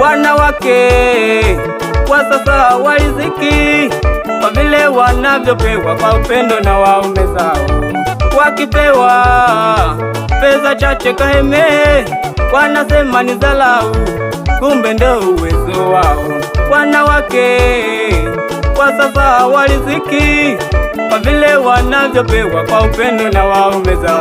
wanawake kwa sasa waliziki kwa vile wanavyopewa kwa upendo na waume zao, wakipewa pesa chache kaheme, wanasema ni dharau, kumbe ndo uwezo wao. Wanawake kwa sasa waliziki kwa vile wanavyopewa kwa upendo na waume zao.